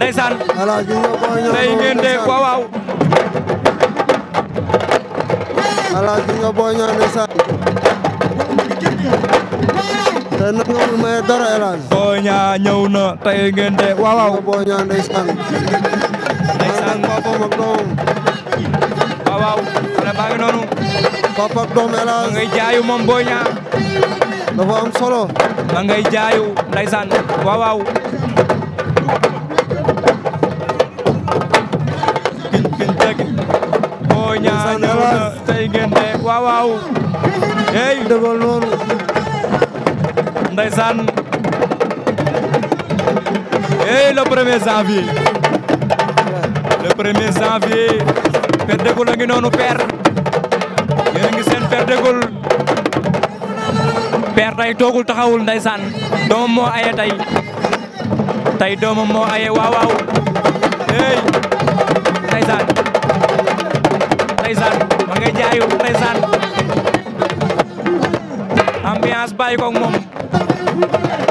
ndeysaan tey ngeen de waaw waaw alaaj bi nga Boy Niang ndeysaan tey nan nga may dara alaaj Boy Niang ñëw na tey ngeen de waaw waaw Boy Niang ndeysaan ndeysaan papa ak doom waaw waaw xale baa ngi noonu papa ak doom alaaj ma ngay jaayu moom Boy Niang dafa am solo ma ngay jaayu ndeysaan waaw waaw ñaar tey ngeen de waaw waaw hey dëggal loolu ndeysaan hey le premier janvier le premier janvier Père Dégoul a ngi noonu père yéen a ngi seen Père Dégoul tey toogul taxawul ndeysaan doomam moo aye tey tey doomam moo aye waaw waaw hey ndeysaan ambiance bàyyi ko ak moom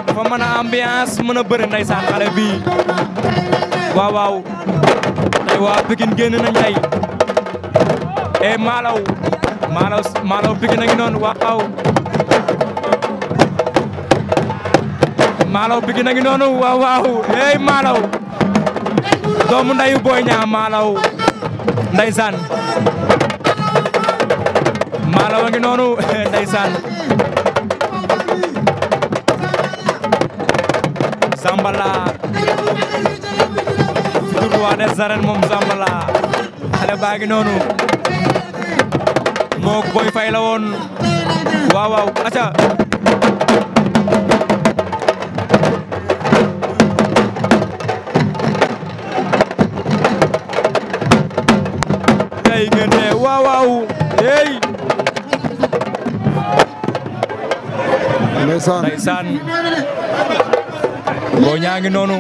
dafa mën ambiance mën a bëri ndeysaan xale bi waaw waaw tey wa Pikine génn nañ tey e eh, maalaw maalaw maalaw Pikine a non noonu waaw eh, maalaw Pikine a non noonu waaw waaw hey maalaw doomu ndeyu boy ñaa maalaw ndeysaan maalaw ngi nonu ndeysaan Zambala surtout roi des arènes moom Zambala xale baa ngi noonu moo Boy Faye la woon waaw waaw boo ñaa ngi noonu.